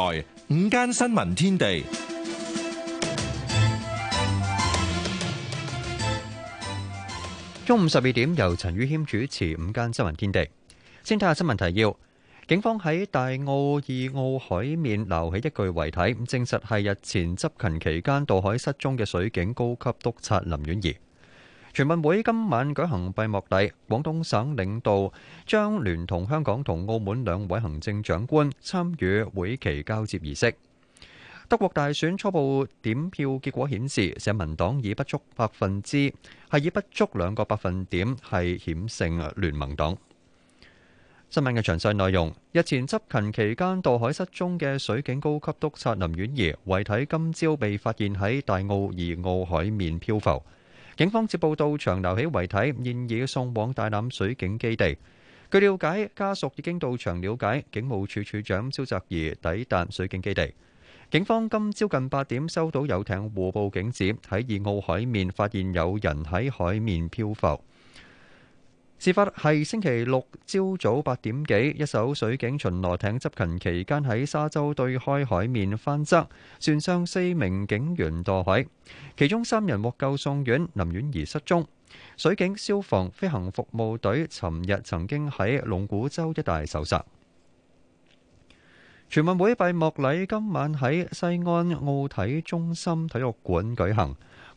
五間新聞天地，中午十二點由陳宇謙主持五間新聞天地。先睇下新聞提要，警方喺大澳二澳海面撈起一具遺體，咁證實係日前執勤期間渡海失蹤嘅水警高級督察林婉儀。全運會今晚舉行閉幕禮，廣東省領導將聯同香港同澳門兩位行政長官參與會期交接儀式。德國大選初步點票結果顯示，社民黨以不足百分之係以不足兩個百分點係險勝聯盟黨。新聞嘅詳細內容，日前執勤期間墮海失蹤嘅水警高級督察林婉儀遺體，今朝被發現喺大澳二澳海面漂浮。警方接報到場留起遺體，現已送往大欖水警基地。據了解，家屬已經到場了解。警務處處長蕭澤頤抵達水警基地。警方今朝近八點收到遊艇戶報警指，喺二澳海面發現有人喺海面漂浮。事發係星期六朝早八點幾，一艘水警巡邏艇執勤期間喺沙洲對開海面翻側，船上四名警員墮海，其中三人獲救送院，林婉儀失蹤。水警消防飛行服務隊尋日曾經喺龍鼓洲一帶受襲。全運會閉幕禮今晚喺西安奧體中心體育館舉行。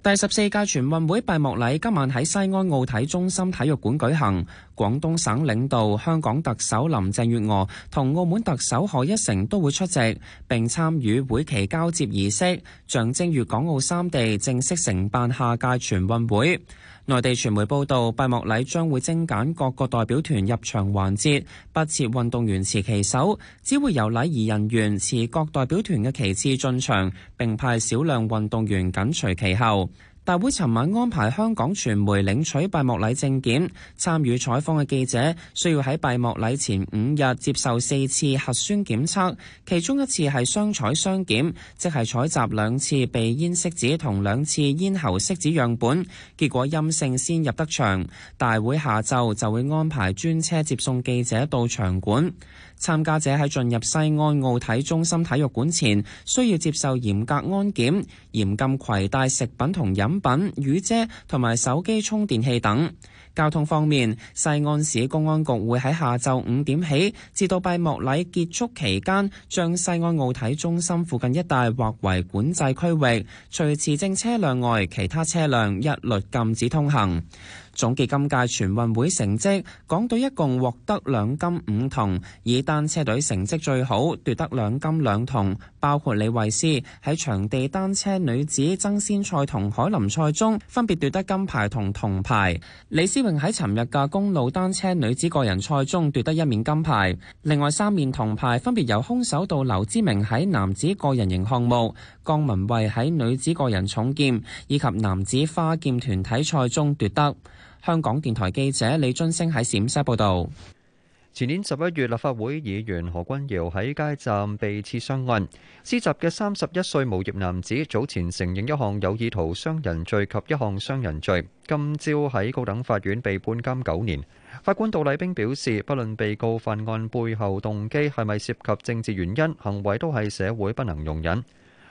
第十四屆全運會閉幕禮今晚喺西安奧體中心體育館舉行，廣東省領導、香港特首林鄭月娥同澳門特首賀一誠都會出席，並參與會期交接儀式，象徵粵港澳三地正式承辦下屆全運會。內地傳媒報道，閉幕禮將會精簡各個代表團入場環節，不設運動員持旗手，只會由禮儀人員持各代表團嘅旗幟進場，並派少量運動員緊隨其後。大會尋晚安排香港傳媒領取閉幕禮證件，參與採訪嘅記者需要喺閉幕禮前五日接受四次核酸檢測，其中一次係雙採雙檢，即係採集兩次鼻咽拭子同兩次咽喉拭子樣本，結果陰性先入得場。大會下晝就會安排專車接送記者到場館。參加者喺進入西安奧體中心體育館前，需要接受嚴格安檢，嚴禁攜帶食品同飲品、雨遮同埋手機充電器等。交通方面，西安市公安局會喺下晝五點起至到閉幕禮結束期間，將西安奧體中心附近一帶劃為管制區域，除持證車輛外，其他車輛一律禁止通行。總結今屆全運會成績，港隊一共獲得兩金五銅，以單車隊成績最好，奪得兩金兩銅。包括李慧詩喺場地單車女子爭先賽同凱林賽中分別奪得金牌同銅牌；李思穎喺尋日嘅公路單車女子個人賽中奪得一面金牌，另外三面銅牌分別由空手道劉之明喺男子個人型項目、江旻憓喺女子個人重劍以及男子花劍團體賽中奪得。香港電台記者李津升喺陝西報道。前年十一月，立法會議員何君堯喺街站被刺傷案，施襲嘅三十一歲無業男子早前承認一項有意圖傷人罪及一項傷人罪，今朝喺高等法院被判監九年。法官杜麗冰表示，不論被告犯案背後動機係咪涉及政治原因，行為都係社會不能容忍。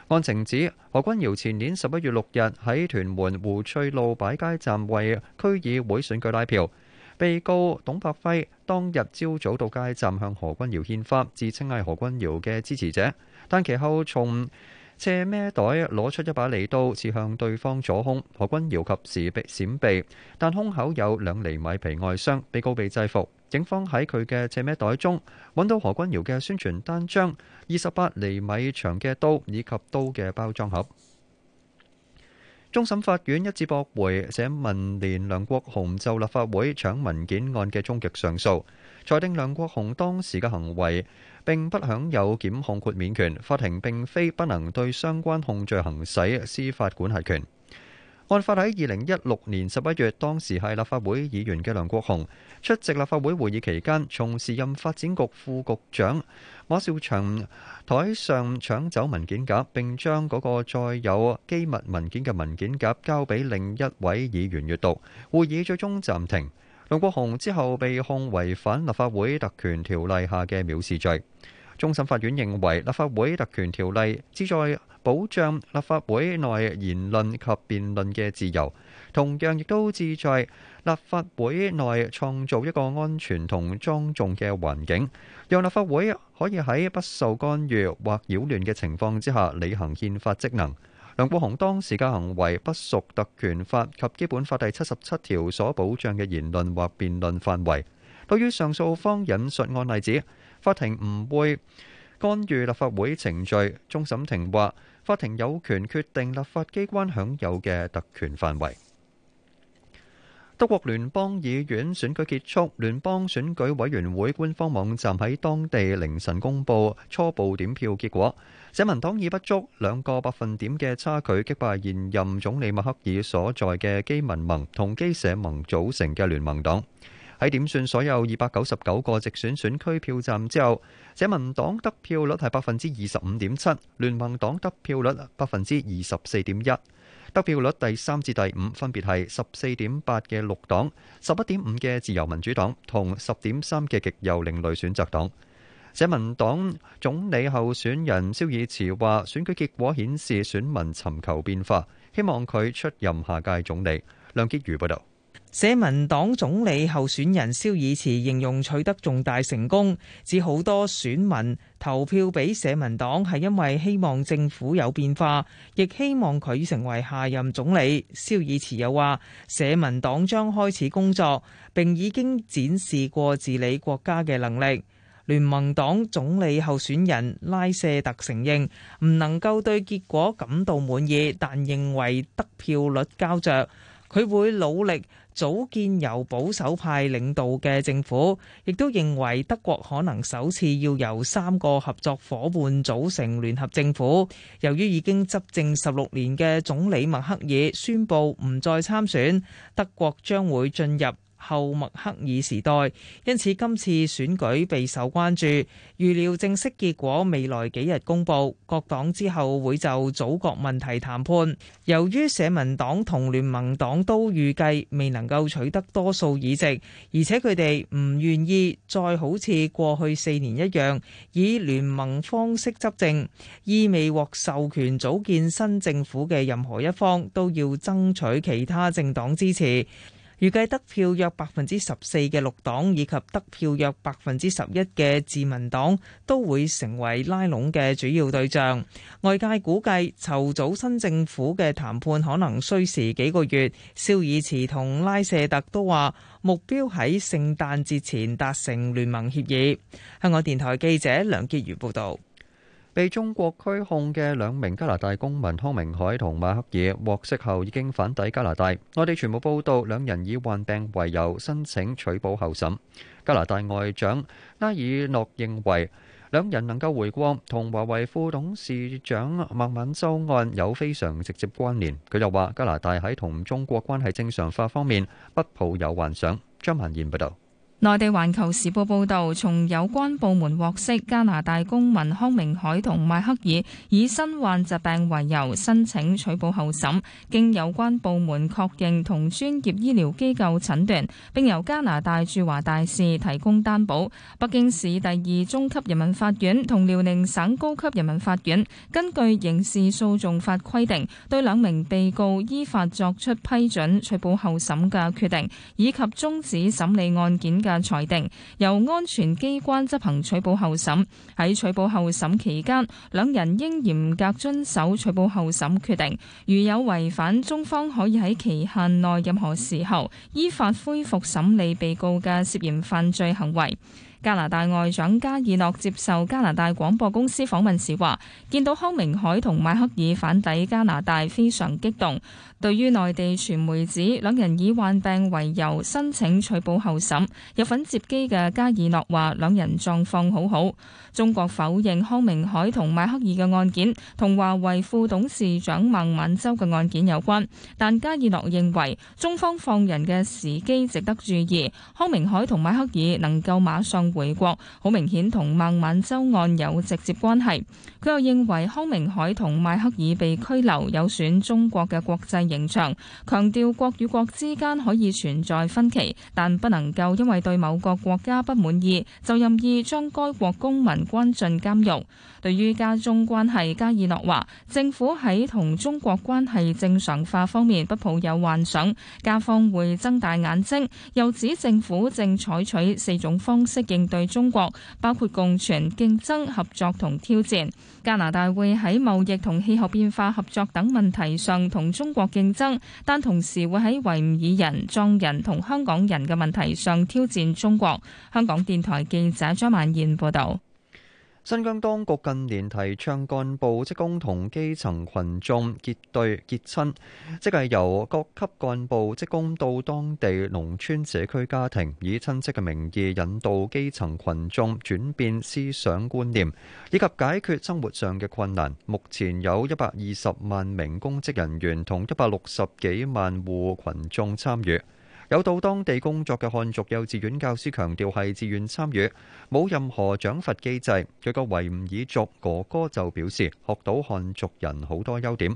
案情指何君堯前年十一月六日喺屯門湖翠路擺街站為區議會選舉拉票，被告董柏輝當日朝早到街站向何君堯獻花，自稱係何君堯嘅支持者，但其後從斜孭袋攞出一把利刀，刺向對方左胸。何君堯及時被閃避，但胸口有兩厘米皮外傷。被告被制服。警方喺佢嘅斜孭袋中揾到何君堯嘅宣傳單張、二十八厘米長嘅刀以及刀嘅包裝盒。終審法院一致駁回社民連梁國雄就立法會搶文件案嘅終極上訴。裁定梁國雄當時嘅行為並不享有檢控豁免權，法庭並非不能對相關控罪行使司法管轄權。案發喺二零一六年十一月，當時係立法會議員嘅梁國雄出席立法會會議期間，從時任發展局副局長馬紹祥台上搶走文件夾，並將嗰個載有機密文件嘅文件夾交俾另一位議員閲讀，會議最終暫停。梁國雄之後被控違反立法會特權條例下嘅藐視罪。終審法院認為，立法會特權條例旨在保障立法會內言論及辯論嘅自由，同樣亦都旨在立法會內創造一個安全同莊重嘅環境，讓立法會可以喺不受干預或擾亂嘅情況之下履行憲法職能。梁國雄當時嘅行為不屬《特權法》及《基本法》第七十七條所保障嘅言論或辯論範圍。對於上訴方引述案例，指法庭唔會干預立法會程序，終審庭話法庭有權決定立法機關享有嘅特權範圍。德國聯邦議院選舉結束，聯邦選舉委員會官方網站喺當地凌晨公布初步點票結果，社民黨以不足兩個百分點嘅差距擊敗現任總理默克爾所在嘅基民盟同基社盟組成嘅聯盟黨。喺點算所有二百九十九個直選選區票站之後。社民黨得票率係百分之二十五點七，聯盟黨得票率百分之二十四點一，得票率第三至第五分別係十四點八嘅綠黨、十一點五嘅自由民主黨同十點三嘅極右另類選擇黨。社民黨總理候選人蕭爾茨話：選舉結果顯示選民尋求變化，希望佢出任下屆總理。梁潔如報導。社民黨總理候選人肖爾慈形容取得重大成功，指好多選民投票俾社民黨係因為希望政府有變化，亦希望佢成為下任總理。肖爾慈又話，社民黨將開始工作，並已經展示過治理國家嘅能力。聯盟黨總理候選人拉舍特承認，唔能夠對結果感到滿意，但認為得票率膠着，佢會努力，組建由保守派領導嘅政府，亦都認為德國可能首次要由三個合作伙伴組成聯合政府。由於已經執政十六年嘅總理默克爾宣布唔再參選，德國將會進入。後默克爾時代，因此今次選舉備受關注。預料正式結果未來幾日公布，各黨之後會就組閣問題談判。由於社民黨同聯盟黨都預計未能夠取得多數議席，而且佢哋唔願意再好似過去四年一樣以聯盟方式執政，意味獲授權組建新政府嘅任何一方都要爭取其他政黨支持。預計得票約百分之十四嘅綠黨以及得票約百分之十一嘅自民黨都會成為拉攏嘅主要對象。外界估計籌組新政府嘅談判可能需時幾個月。肖爾茨同拉舍特都話目標喺聖誕節前達成聯盟協議。香港電台記者梁潔如報導。被中國拘控嘅兩名加拿大公民康明凱同麥克爾獲釋後已經返抵加拿大。我哋全部報道，兩人以患病為由申請取保候審。加拿大外長拉爾諾認為，兩人能夠回國同華為副董事長孟晚舟案有非常直接關聯。佢又話，加拿大喺同中國關係正常化方面不抱有幻想。張文賢報導。內地環球時報報道，從有關部門獲悉，加拿大公民康明凱同邁克爾以身患疾病為由申請取保候審，經有關部門確認同專業醫療機構診斷，並由加拿大駐華大使提供擔保。北京市第二中級人民法院同遼寧省高級人民法院根據刑事訴訟法規定，對兩名被告依法作出批准取保候審嘅決定，以及終止審理案件。嘅裁定由安全機關執行取保候審。喺取保候審期間，兩人應嚴格遵守取保候審決定。如有違反，中方可以喺期限內任何時候依法恢復審理被告嘅涉嫌犯罪行為。加拿大外長加爾諾接受加拿大廣播公司訪問時話：見到康明凱同邁克爾返抵加拿大非常激動。對於內地傳媒指兩人以患病為由申請取保候審，有份接機嘅加爾諾話：兩人狀況好好。中國否認康明凱同邁克爾嘅案件同華為副董事長孟晚舟嘅案件有關，但加爾諾認為中方放人嘅時機值得注意。康明凱同邁克爾能夠馬上。回國好明顯同孟晚舟案有直接關係，佢又認為康明凱同邁克爾被拘留有損中國嘅國際形象，強調國與國之間可以存在分歧，但不能夠因為對某個國家不滿意就任意將該國公民關進監獄。對於加中關係，加以諾話政府喺同中國關係正常化方面不抱有幻想，加方會睜大眼睛。又指政府正採取四種方式嘅。應對中國，包括共存、競爭、合作同挑戰。加拿大會喺貿易同氣候變化合作等問題上同中國競爭，但同時會喺維吾爾人、藏人同香港人嘅問題上挑戰中國。香港電台記者張曼燕報道。新疆當局近年提倡幹部職工同基層群眾結對結親，即係由各級幹部職工到當地農村社區家庭，以親戚嘅名義引導基層群眾轉變思想觀念，以及解決生活上嘅困難。目前有一百二十萬名公職人員同一百六十幾萬戶群眾參與。有到當地工作嘅漢族幼稚園教師強調係自願參與，冇任何獎罰機制。佢個維吾爾族哥哥就表示學到漢族人好多優點。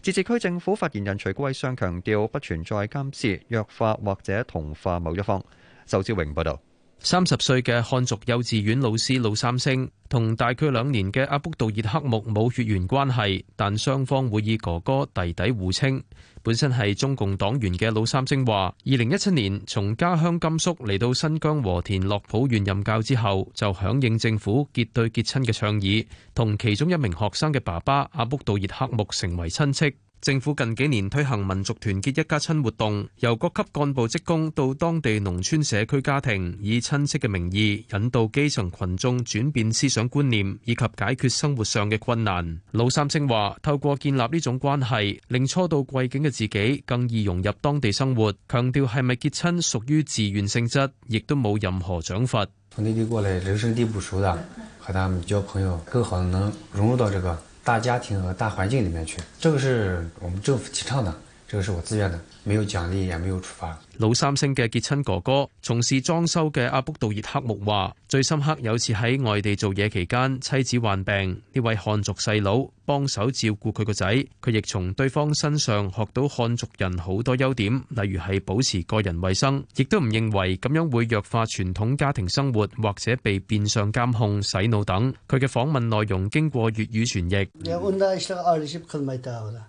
自治區政府發言人徐貴相強調不存在監視、弱化或者同化某一方。周志榮報導。三十歲嘅漢族幼稚園老師老三星同大概兩年嘅阿卜杜熱克木冇血緣關係，但雙方會以哥哥弟弟互稱。本身係中共黨員嘅老三星話：二零一七年從家鄉甘肅嚟到新疆和田洛浦縣任教之後，就響應政府結對結親嘅倡議，同其中一名學生嘅爸爸阿卜杜熱克木成為親戚。政府近幾年推行民族團結一家親活動，由各級幹部職工到當地農村社區家庭，以親戚嘅名義引導基層群眾轉變思想觀念，以及解決生活上嘅困難。老三稱話，透過建立呢種關係，令初到貴境嘅自己更易融入當地生活。強調係咪結親屬於自願性質，亦都冇任何獎罰。從內地過嚟人生地不熟的，和他們交朋友，更好能融入到這個。大家庭和大環境裏面去，這個是我們政府提倡的。這個是我自願的，沒有獎勵，也沒有處罰。老三星嘅結親哥哥，從事裝修嘅阿卜杜熱克木話：最深刻有次喺外地做嘢期間，妻子患病，呢位漢族細佬幫手照顧佢個仔，佢亦從對方身上學到漢族人好多優點，例如係保持個人衛生，亦都唔認為咁樣會弱化傳統家庭生活，或者被變相監控、洗腦等。佢嘅訪問內容經過粵語傳譯。嗯。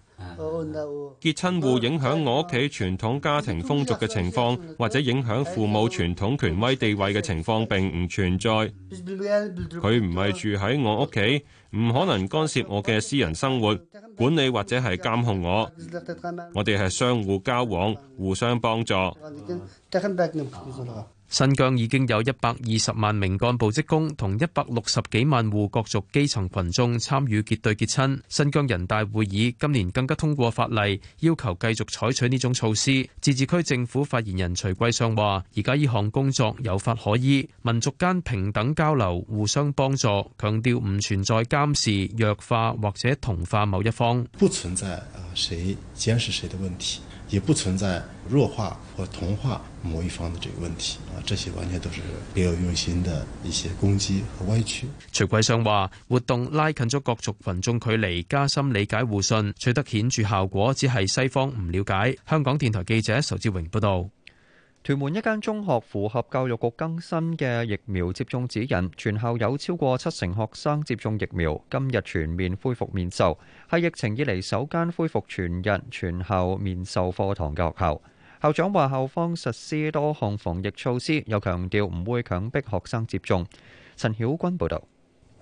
結親戶影響我屋企傳統家庭風俗嘅情況，或者影響父母傳統權威地位嘅情況，並唔存在。佢唔係住喺我屋企，唔可能干涉我嘅私人生活，管理或者係監控我。我哋係相互交往，互相幫助。新疆已經有一百二十萬名幹部職工，同一百六十幾萬戶各族基層群眾參與結對結親。新疆人大會議今年更加通過法例，要求繼續採取呢種措施。自治區政府發言人徐貴相話：而家呢項工作有法可依，民族間平等交流，互相幫助，強調唔存在監視、弱化或者同化某一方。不存在啊，誰監視誰的問題。也不存在弱化或同化某一方的這個問題，啊，這些完全都是別有用心的一些攻擊和歪曲。徐桂生話：活動拉近咗各族群眾距離，加深理解互信，取得顯著效果，只係西方唔了解。香港電台記者仇志榮報道。屯門一間中學符合教育局更新嘅疫苗接種指引，全校有超過七成學生接種疫苗，今日全面恢復面授，係疫情以嚟首間恢復全日全校面授課堂嘅學校。校長話校方實施多項防疫措施，又強調唔會強迫學生接種。陳曉君報導。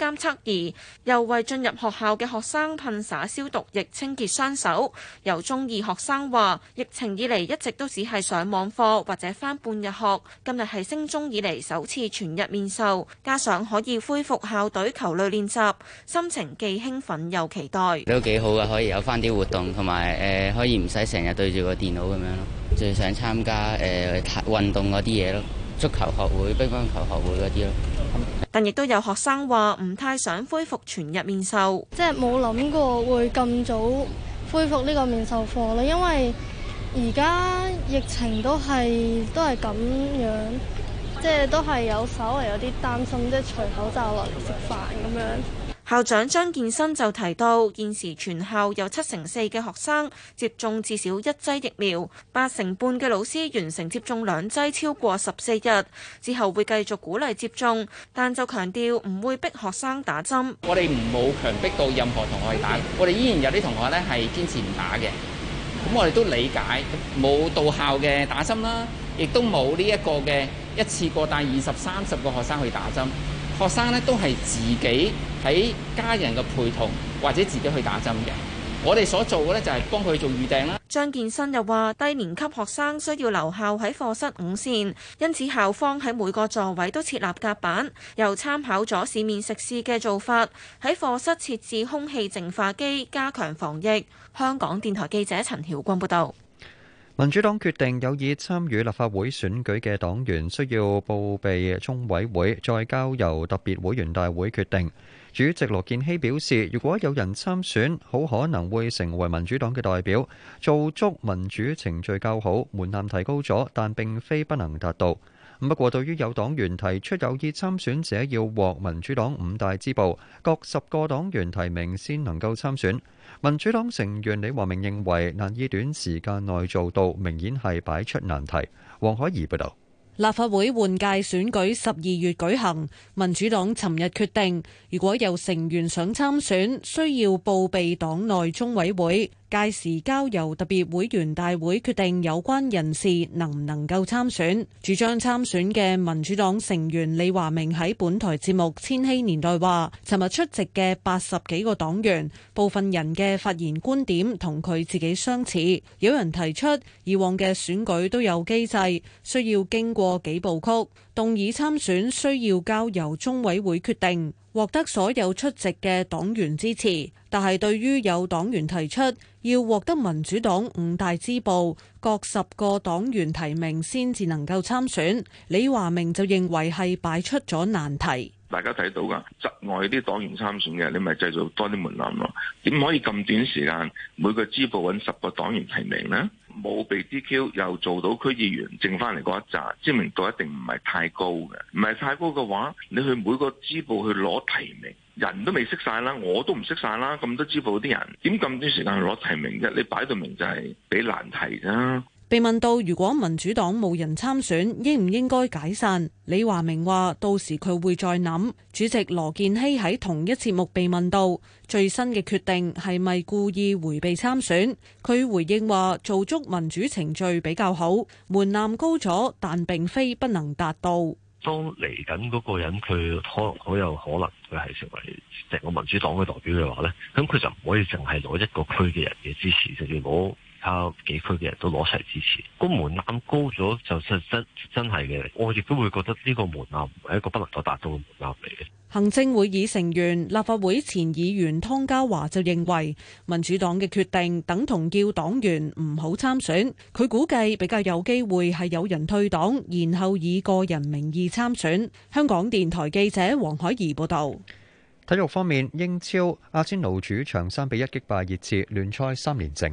監測儀，又為進入學校嘅學生噴灑消毒液清潔雙手。由中二學生話，疫情以嚟一直都只係上網課或者翻半日學，今日係升中以嚟首次全日面授，加上可以恢復校隊球類練習，心情既興奮又期待。都幾好噶，可以有翻啲活動，同埋誒可以唔使成日對住個電腦咁樣咯。最想參加誒運動嗰啲嘢咯，足球學會、乒乓球學會嗰啲咯。但亦都有學生話唔太想恢復全日面授，即係冇諗過會咁早恢復呢個面授課啦，因為而家疫情都係都係咁樣，即係都係有稍微有啲擔心，即係除口罩落嚟食飯咁樣。校長張建新就提到，現時全校有七成四嘅學生接種至少一劑疫苗，八成半嘅老師完成接種兩劑超過十四日之後，會繼續鼓勵接種，但就強調唔會逼學生打針。我哋唔冇強逼到任何同學去打，我哋依然有啲同學呢係堅持唔打嘅，咁我哋都理解冇到校嘅打針啦，亦都冇呢一個嘅一次過帶二十三十個學生去打針。學生呢都係自己喺家人嘅陪同，或者自己去打針嘅。我哋所做嘅呢，就係幫佢做預訂啦。張健新又話：低年級學生需要留校喺課室午膳，因此校方喺每個座位都設立隔板，又參考咗市面食肆嘅做法，喺課室設置空氣淨化機，加強防疫。香港電台記者陳曉君報導。民主黨決定有意參與立法會選舉嘅黨員需要報備中委會，再交由特別會員大會決定。主席羅健熙表示，如果有人參選，好可能會成為民主黨嘅代表。做足民主程序較好，門檻提高咗，但並非不能達到。不過，對於有黨員提出有意參選者要獲民主黨五大支部各十個黨員提名先能夠參選，民主黨成員李華明認為難以短時間內做到，明顯係擺出難題。黃海怡報導，立法會換屆選舉十二月舉行，民主黨尋日決定，如果有成員想參選，需要報備黨內中委會。屆時交由特別會員大會決定有關人士能唔能夠參選。主張參選嘅民主黨成員李華明喺本台節目《千禧年代》話，尋日出席嘅八十幾個黨員，部分人嘅發言觀點同佢自己相似。有人提出，以往嘅選舉都有機制，需要經過幾部曲。用以參選需要交由中委會決定，獲得所有出席嘅黨員支持。但係對於有黨員提出要獲得民主黨五大支部各十個黨員提名先至能夠參選，李華明就認為係擺出咗難題。大家睇到噶，額外啲黨員參選嘅，你咪製造多啲門檻咯。點可以咁短時間每個支部搵十個黨員提名呢？冇被 DQ 又做到區議員，剩翻嚟嗰一紮知名度一定唔係太高嘅，唔係太高嘅話，你去每個支部去攞提名，人都未識晒啦，我都唔識晒啦，咁多支部啲人點咁短時間去攞提名啫？你擺到明就係俾難題啦。被問到如果民主黨冇人參選，應唔應該解散？李華明話：到時佢會再諗。主席羅建熙喺同一節目被問到最新嘅決定係咪故意回避參選？佢回應話：做足民主程序比較好，門檻高咗，但並非不能達到。當嚟緊嗰個人，佢能好有可能佢係成為成個民主黨嘅代表嘅話呢，咁佢就唔可以淨係攞一個區嘅人嘅支持，就叫攞。其他幾區嘅人都攞齊支持，個門檻高咗就實質真係嘅。我亦都會覺得呢個門檻係一個不能夠達到嘅門檻嚟嘅。行政會議成員、立法會前議員湯家驊就認為，民主黨嘅決定等同叫黨員唔好參選。佢估計比較有機會係有人退黨，然後以個人名義參選。香港電台記者黃海怡報導。體育方面，英超阿仙奴主場三比一擊敗熱刺，聯賽三連勝。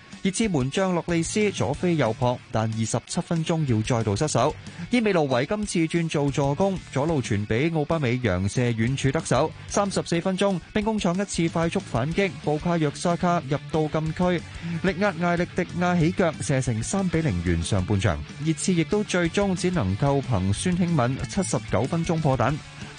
熱刺門將洛利斯左飛右撲，但二十七分鐘要再度失手。伊美路維今次轉做助攻，左路傳俾奧巴美揚射遠處得手。三十四分鐘，兵工廠一次快速反擊，布卡約沙卡入到禁區，力壓艾力迪亞起腳射成三比零完上半場。熱刺亦都最終只能夠憑孫興敏七十九分鐘破蛋。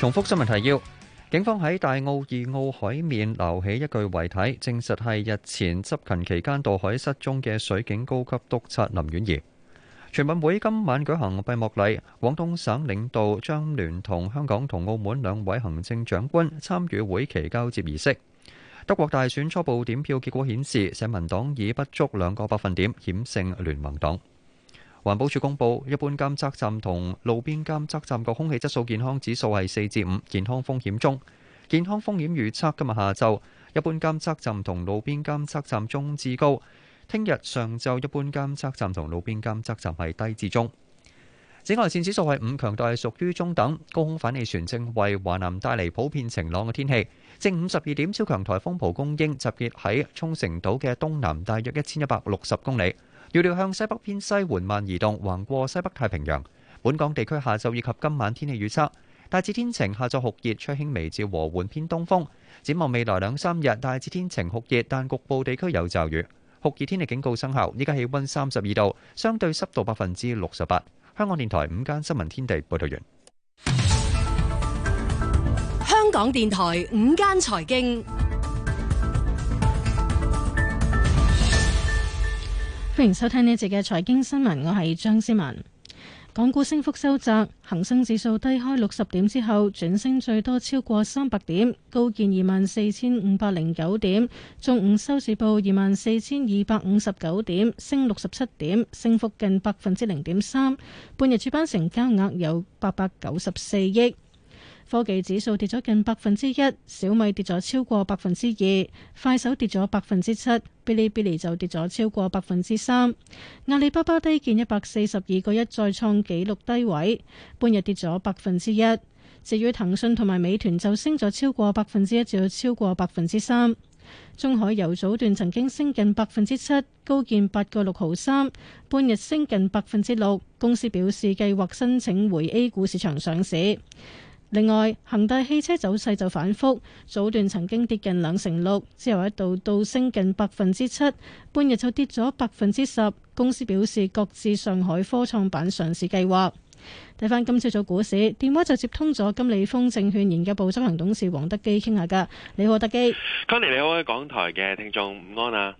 重複新聞提要：警方喺大澳二澳海面撈起一具遺體，證實係日前執勤期間渡海失蹤嘅水警高級督察林婉儀。全運會今晚舉行閉幕禮，廣東省領導將聯同香港同澳門兩位行政長官參與會期交接儀式。德國大選初步點票結果顯示，社民黨以不足兩個百分點險勝聯盟黨。環保署公布，一般監測站同路邊監測站個空氣質素健康指數係四至五，健康風險中。健康風險預測今日下晝，一般監測站同路邊監測站中至高；聽日上晝，一般監測站同路邊監測站係低至中。紫外線指數係五，強度係屬於中等。高空反氣旋正為華南帶嚟普遍晴朗嘅天氣。正午十二點，超強台風蒲公英集結喺沖繩島嘅東南，大約一千一百六十公里。預料向西北偏西緩慢移動，橫過西北太平洋。本港地區下晝以及今晚天氣預測，大致天晴，下晝酷熱，吹輕微至和緩偏東風。展望未來兩三日，大致天晴酷熱，但局部地區有驟雨。酷熱天氣警告生效。依家氣溫三十二度，相對濕度百分之六十八。香港電台午間新聞天地報道完。香港電台午間財經。歡迎收聽呢一節嘅財經新聞，我係張思文。港股升幅收窄，恒生指數低開六十點之後轉升，最多超過三百點，高見二萬四千五百零九點。中午收市報二萬四千二百五十九點，升六十七點，升幅近百分之零點三。半日主板成交額有八百九十四億。科技指數跌咗近百分之一，小米跌咗超過百分之二，快手跌咗百分之七，嗶哩嗶哩就跌咗超過百分之三。阿里巴巴低見一百四十二個一，再創紀錄低位，半日跌咗百分之一。至於騰訊同埋美團就升咗超過百分之一，至超過百分之三。中海油早段曾經升近百分之七，高見八個六毫三，半日升近百分之六。公司表示計劃申請回 A 股市場上市。另外，恒大汽車走勢就反覆，早段曾經跌近兩成六，之後一度倒升近百分之七，半日就跌咗百分之十。公司表示，擱置上海科創板上市計劃。睇翻今朝早股市，電話就接通咗金利豐證券研究部執行董事黃德基傾下噶。你好，德基。Connie，你好，喺港台嘅聽眾，午安啊！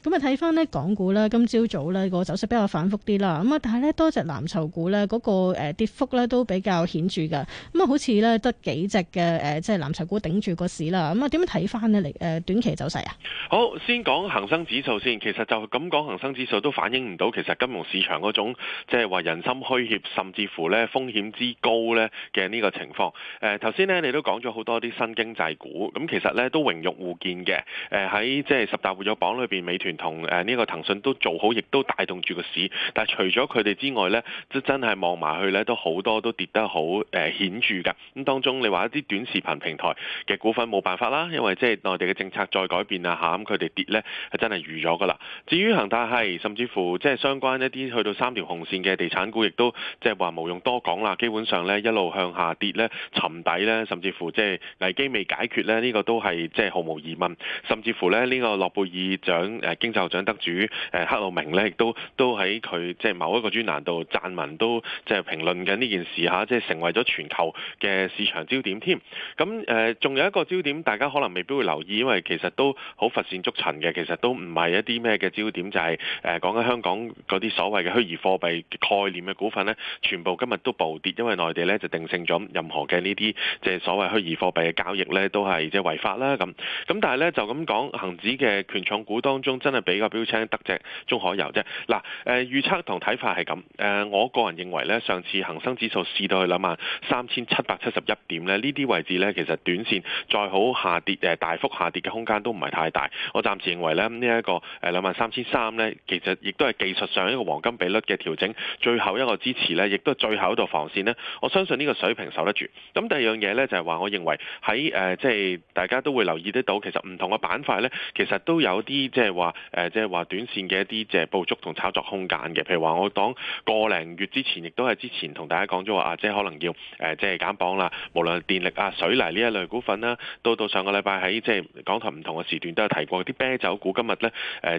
咁啊睇翻呢港股啦，今朝早，早呢、呢個走勢比較反覆啲啦。咁啊，但係呢多隻藍籌股呢，嗰、嗰個誒跌幅呢都比較顯著噶。咁啊，好似呢得幾隻嘅誒即係藍籌股頂住個市啦。咁啊，點樣睇翻呢嚟誒短期走勢啊？好，先講恒生指數先。其實就咁講恒生指數都反映唔到其實金融市場嗰種即係話人心虛怯，甚至乎呢風險之高呢嘅呢個情況。誒、呃，頭先呢你都講咗好多啲新經濟股。咁其實呢都榮辱互見嘅。誒、呃，喺即係十大活躍榜裏邊，美同誒呢個騰訊都做好，亦都帶動住個市。但係除咗佢哋之外呢，即真係望埋去呢，都好多都跌得好誒顯著㗎。咁當中你話一啲短視頻平台嘅股份冇辦法啦，因為即係內地嘅政策再改變啊下，咁佢哋跌呢，係真係預咗㗎啦。至於恒大係，甚至乎即係相關一啲去到三條紅線嘅地產股，亦都即係話無用多講啦。基本上呢，一路向下跌呢，沉底呢，甚至乎即係危機未解決呢，呢，呢個都係即係毫無疑問。甚至乎呢，呢，呢個諾貝爾獎經濟學獎得主誒克魯明咧，亦都都喺佢即係某一個專欄度撰文，都即係評論緊呢件事，下即係成為咗全球嘅市場焦點添。咁仲有一個焦點，大家可能未必會留意，因為其實都好乏善足陳嘅，其實都唔係一啲咩嘅焦點，就係、是、誒講緊香港嗰啲所謂嘅虛擬貨幣概念嘅股份呢，全部今日都暴跌，因為內地呢就定性咗任何嘅呢啲即係所謂虛擬貨幣嘅交易呢，都係即係違法啦咁。咁但係呢就咁講，恒指嘅權創股當中。真係比較標青得隻中海油啫。嗱，誒預測同睇法係咁。誒、呃，我個人認為咧，上次恒生指數試到去兩萬三千七百七十一點咧，呢啲位置咧，其實短線再好下跌誒，大幅下跌嘅空間都唔係太大。我暫時認為咧，這個、23, 呢一個誒兩萬三千三咧，其實亦都係技術上一個黃金比率嘅調整，最後一個支持咧，亦都係最後一道防線咧。我相信呢個水平守得住。咁第二樣嘢咧，就係話，我認為喺誒即係大家都會留意得到，其實唔同嘅板塊咧，其實都有啲即係話。就是誒即係話短線嘅一啲即係捕捉同炒作空間嘅，譬如話我當個零月之前，亦都係之前同大家講咗話啊，即係可能要誒即係減磅啦。無論電力啊、水泥呢一類股份啦，到到上個禮拜喺即係港台唔同嘅時段都有提過啲啤酒股。今日咧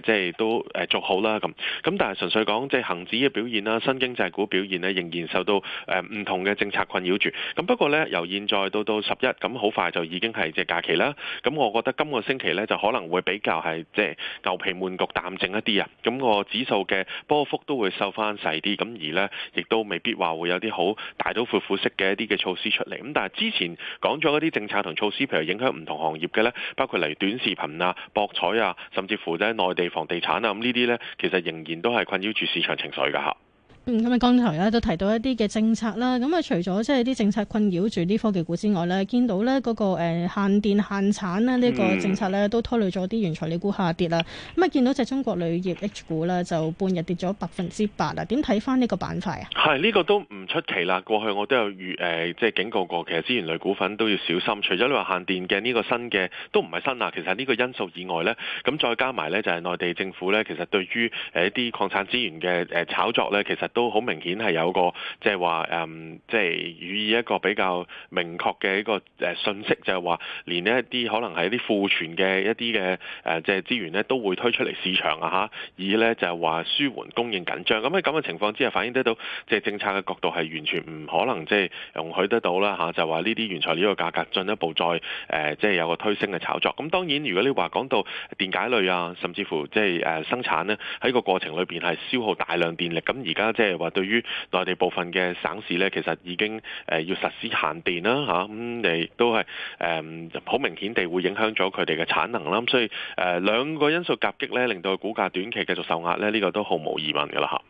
即係都誒好啦咁。咁但係純粹講即係恒指嘅表現啦，新經濟股表現呢，仍然受到誒唔同嘅政策困擾住。咁不過呢，由現在到到十一，咁好快就已經係即係假期啦。咁我覺得今個星期呢，就可能會比較係即係牛皮。悶局淡靜一啲啊，咁個指數嘅波幅都會收翻細啲，咁而呢，亦都未必話會有啲好大刀闊斧式嘅一啲嘅措施出嚟。咁但係之前講咗一啲政策同措施，譬如影響唔同行業嘅呢，包括嚟短視頻啊、博彩啊，甚至乎呢內地房地產啊，咁呢啲呢，其實仍然都係困擾住市場情緒㗎。嗯，咁啊，剛才咧都提到一啲嘅政策啦。咁啊，除咗即係啲政策困擾住啲科技股之外咧，見到咧嗰個限電限產啦，呢個政策咧都拖累咗啲原材料股下跌啦。咁啊、嗯，見到隻中國鋁業 H 股咧就半日跌咗百分之八啊。點睇翻呢個板塊啊？係呢、呢個都唔出奇啦。過去我都有預誒，即、呃、係、就係、警告過，其實資源類股份都要小心。除咗你話限電嘅呢、呢個新嘅都唔係新啊，其實呢個因素以外咧，咁再加埋咧就係、係、內地政府咧，其實對於誒一啲礦產資源嘅誒炒作咧，其實都。都好明顯係有個即係話誒，即係、嗯、即係予以一個比較明確嘅一個誒信息，就係話連一啲可能係一啲庫存嘅一啲嘅誒即係資源咧，都會推出嚟市場啊嚇，以咧就係話舒緩供應緊張。咁喺咁嘅情況之下，反映得到即係政策嘅角度係完全唔可能即係容許得到啦嚇，就話呢啲原材料個價格進一步再誒即係有個推升嘅炒作。咁當然，如果你話講到電解類啊，甚至乎即係誒生產呢，喺個過程裏邊係消耗大量電力，咁而家。即係話對於內地部分嘅省市呢，其實已經誒、呃、要實施限電啦嚇，咁、啊、嚟、嗯、都係誒好明顯地會影響咗佢哋嘅產能啦。咁所以誒、呃、兩個因素夾擊呢，令到個股價短期繼續受壓呢，呢、這個都毫無疑問噶啦嚇。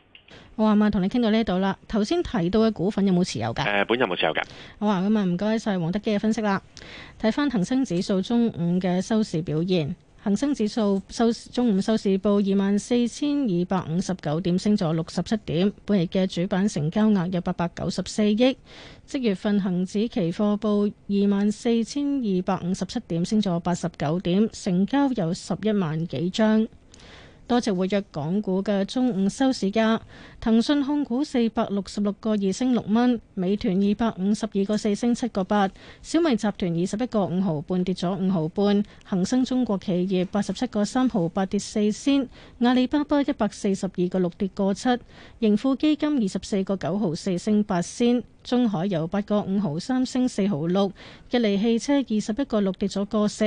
好啊嘛，同、嗯、你傾到呢度啦。頭先提到嘅股份有冇持有㗎？誒、呃，本人有冇有持有㗎。好啊、哦，咁啊唔該晒黃德基嘅分析啦。睇翻恒生指數中午嘅收市表現。恒生指數收中午收市報二萬四千二百五十九點，升咗六十七點。本日嘅主板成交額有八百九十四億。即月份恒指期貨報二萬四千二百五十七點，升咗八十九點，成交有十一萬幾張。多隻活躍港股嘅中午收市價，騰訊控股四百六十六個二升六蚊，美團二百五十二個四升七個八，小米集團二十一個五毫半跌咗五毫半，恒生中國企業八十七個三毫八跌四仙，阿里巴巴一百四十二個六跌個七，盈富基金二十四個九毫四升八仙，中海油八個五毫三升四毫六，吉利汽車二十一個六跌咗個四，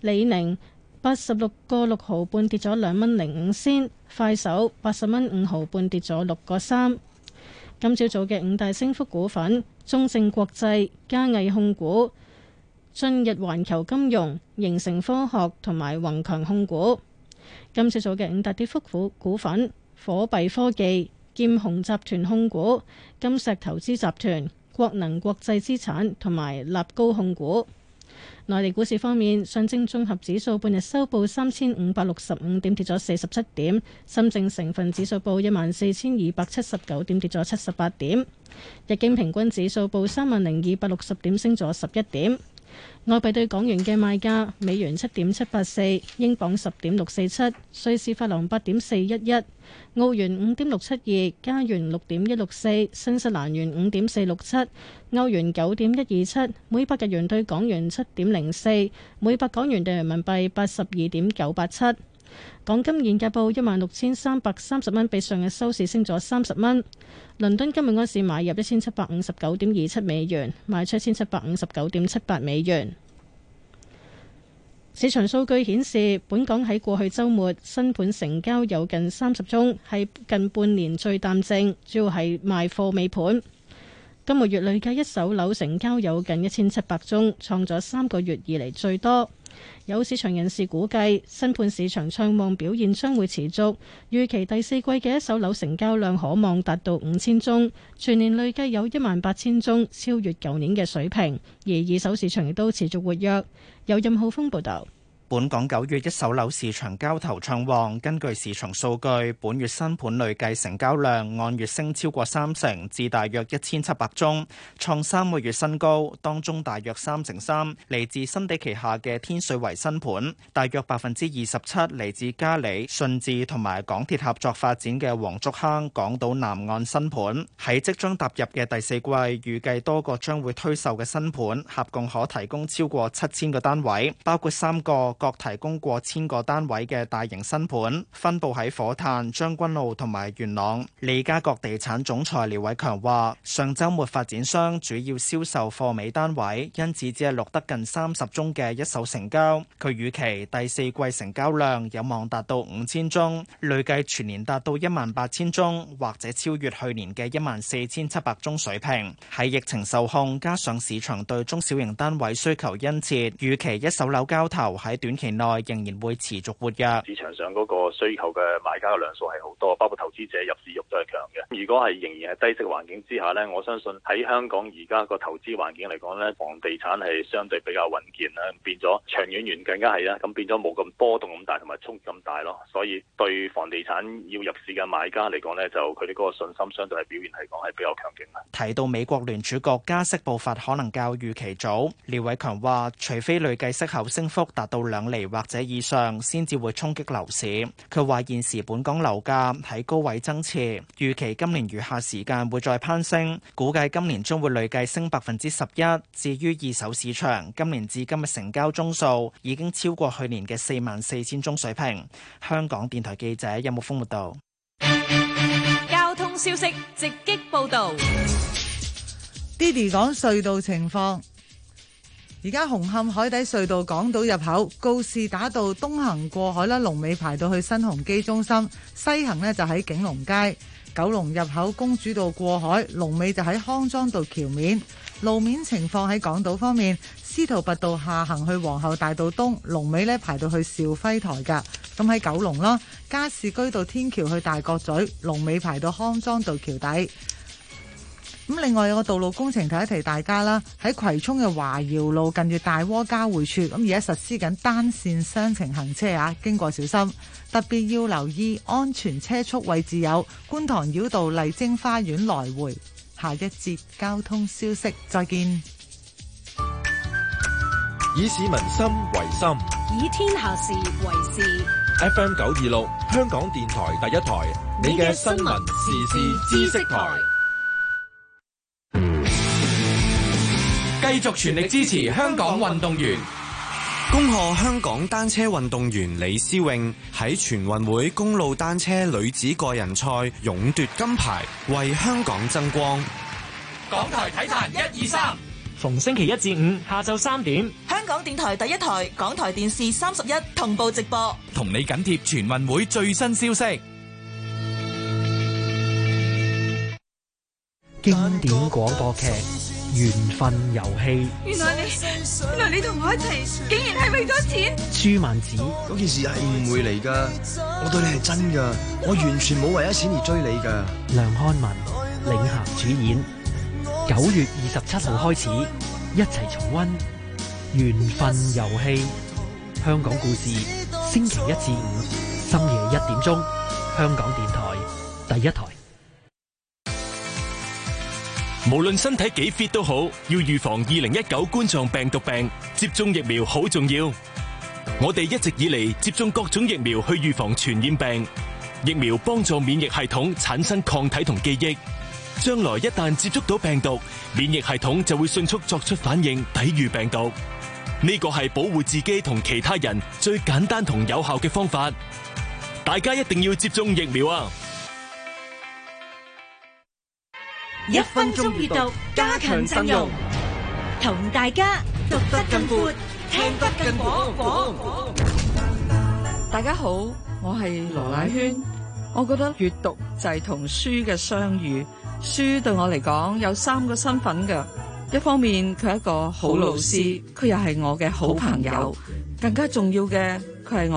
李寧八十六個六毫半跌咗兩蚊零五仙，快手八十蚊五毫半跌咗六個三。今朝早嘅五大升幅股份：中證國際、嘉藝控股、進日環球金融、形成科學同埋宏強控股。今朝早嘅五大跌幅股股份：火幣科技、劍虹集團控股、金石投資集團、國能國際資產同埋立高控股。內地股市方面，上證綜合指數半日收報三千五百六十五點，跌咗四十七點。深證成分指數報一萬四千二百七十九點，跌咗七十八點。日經平均指數報三萬零二百六十點，升咗十一點。外幣對港元嘅賣價：美元七點七八四，英鎊十點六四七，瑞士法郎八點四一一，澳元五點六七二，加元六點一六四，新西蘭元五點四六七，歐元九點一二七，每百日元對港元七點零四，每百港元對人民幣八十二點九八七。港金現價報一萬六千三百三十蚊，16，比上日收市升咗三十蚊。倫敦金每安士買入一千七百五十九點二七美元，賣出一千七百五十九點七八美元。市場數據顯示，本港喺過去週末新盤成交有近三十宗，係近半年最淡靜，主要係賣貨尾盤。今個月累計一手樓成交有近一千七百宗，創咗三個月以嚟最多。有市場人士估計，新盤市場暢旺表現將會持續，預期第四季嘅一手樓成交量可望達到五千宗，全年累計有一萬八千宗，超越舊年嘅水平。而二手市場亦都持續活躍。由任浩峰報道。本港九月一手樓市場交投暢旺，根據市場數據，本月新盤累計成交量按月升超過三成，至大約一千七百宗，創三個月新高。當中大約三成三嚟自新地旗下嘅天水圍新盤，大約百分之二十七嚟自嘉里、信置同埋港鐵合作發展嘅黃竹坑、港島南岸新盤。喺即將踏入嘅第四季，預計多個將會推售嘅新盤，合共可提供超過七千個單位，包括三個。各提供過千個單位嘅大型新盤，分佈喺火炭、將軍澳同埋元朗。利嘉閣地產總裁廖偉強話，上周末發展商主要銷售貨尾單位，因此只係錄得近三十宗嘅一手成交。佢預期第四季成交量有望達到五千宗，累計全年達到一萬八千宗，或者超越去年嘅一萬四千七百宗水平。喺疫情受控，加上市場對中小型單位需求殷切，預期一手樓交投喺短期內仍然會持續活躍，市場上嗰個需求嘅買家嘅量數係好多，包括投資者入市慾都係強嘅。如果係仍然係低息環境之下呢，我相信喺香港而家個投資環境嚟講呢，房地產係相對比較穩健啦，變咗長遠遠更加係啦，咁變咗冇咁波動咁大，同埋衝擊咁大咯。所以對房地產要入市嘅買家嚟講呢，就佢哋嗰個信心相對係表現嚟講係比較強勁嘅。提到美國聯儲局加息步伐可能較預期早，廖偉強話：除非累計息後升幅達到兩厘或者以上先至會衝擊樓市。佢話現時本港樓價喺高位增設，預期今年餘下時間會再攀升，估計今年將會累計升百分之十一。至於二手市場，今年至今嘅成交宗數已經超過去年嘅四萬四千宗水平。香港電台記者任木峰報道。交通消息直擊報道。d i d 講隧道情況。而家紅磡海底隧道港島入口告士打道東行過海啦，龍尾排到去新鴻基中心；西行呢，就喺景隆街，九龍入口公主道過海，龍尾就喺康莊道橋面。路面情況喺港島方面，司徒拔道下行去皇后大道東，龍尾呢排到去肇輝台㗎。咁喺九龍啦，加士居道天橋去大角咀，龍尾排到康莊道橋底。咁另外有個道路工程提一提大家啦，喺葵涌嘅華瑤路近住大窩交匯處，咁而家實施緊單線雙程行車啊，經過小心，特別要留意安全車速。位置有觀塘繞道麗晶花園來回。下一節交通消息再見，以市民心為心，以天下事為事。F M 九二六香港電台第一台，你嘅新聞時事，事知識台。繼續全力支持香港運動員，動員恭賀香港單車運動員李思穎喺全運會公路單車女子個人賽勇奪金牌，為香港爭光。港台體壇一二三，逢星期一至五下晝三點，香港電台第一台、港台電視三十一同步直播，同你緊貼全運會最新消息。經典廣播劇。緣分遊戲，原來你，原來你同我一齊，竟然係為咗錢。朱曼子，嗰件事係誤會嚟噶，我對你係真噶，我完全冇為咗錢而追你噶。梁漢文領銜主演，九月二十七號開始一齊重溫緣分遊戲。香港故事，星期一至五深夜一點鐘，香港電台第一台。無論身體幾 fit 都好，要預防二零一九冠狀病毒病，接種疫苗好重要。我哋一直以嚟接種各種疫苗去預防傳染病，疫苗幫助免疫系統產生抗體同記憶，將來一旦接觸到病毒，免疫系統就會迅速作出反應，抵禦病毒。呢個係保護自己同其他人最簡單同有效嘅方法，大家一定要接種疫苗啊！一分鐘閱讀，加強陣容，同大家讀得更闊，聽得更廣。廣大家好，我係羅乃萱。我覺得閱讀就係同書嘅相遇。書對我嚟講有三個身份嘅，一方面佢係一個好老師，佢又係我嘅好朋友，更加重要嘅佢係。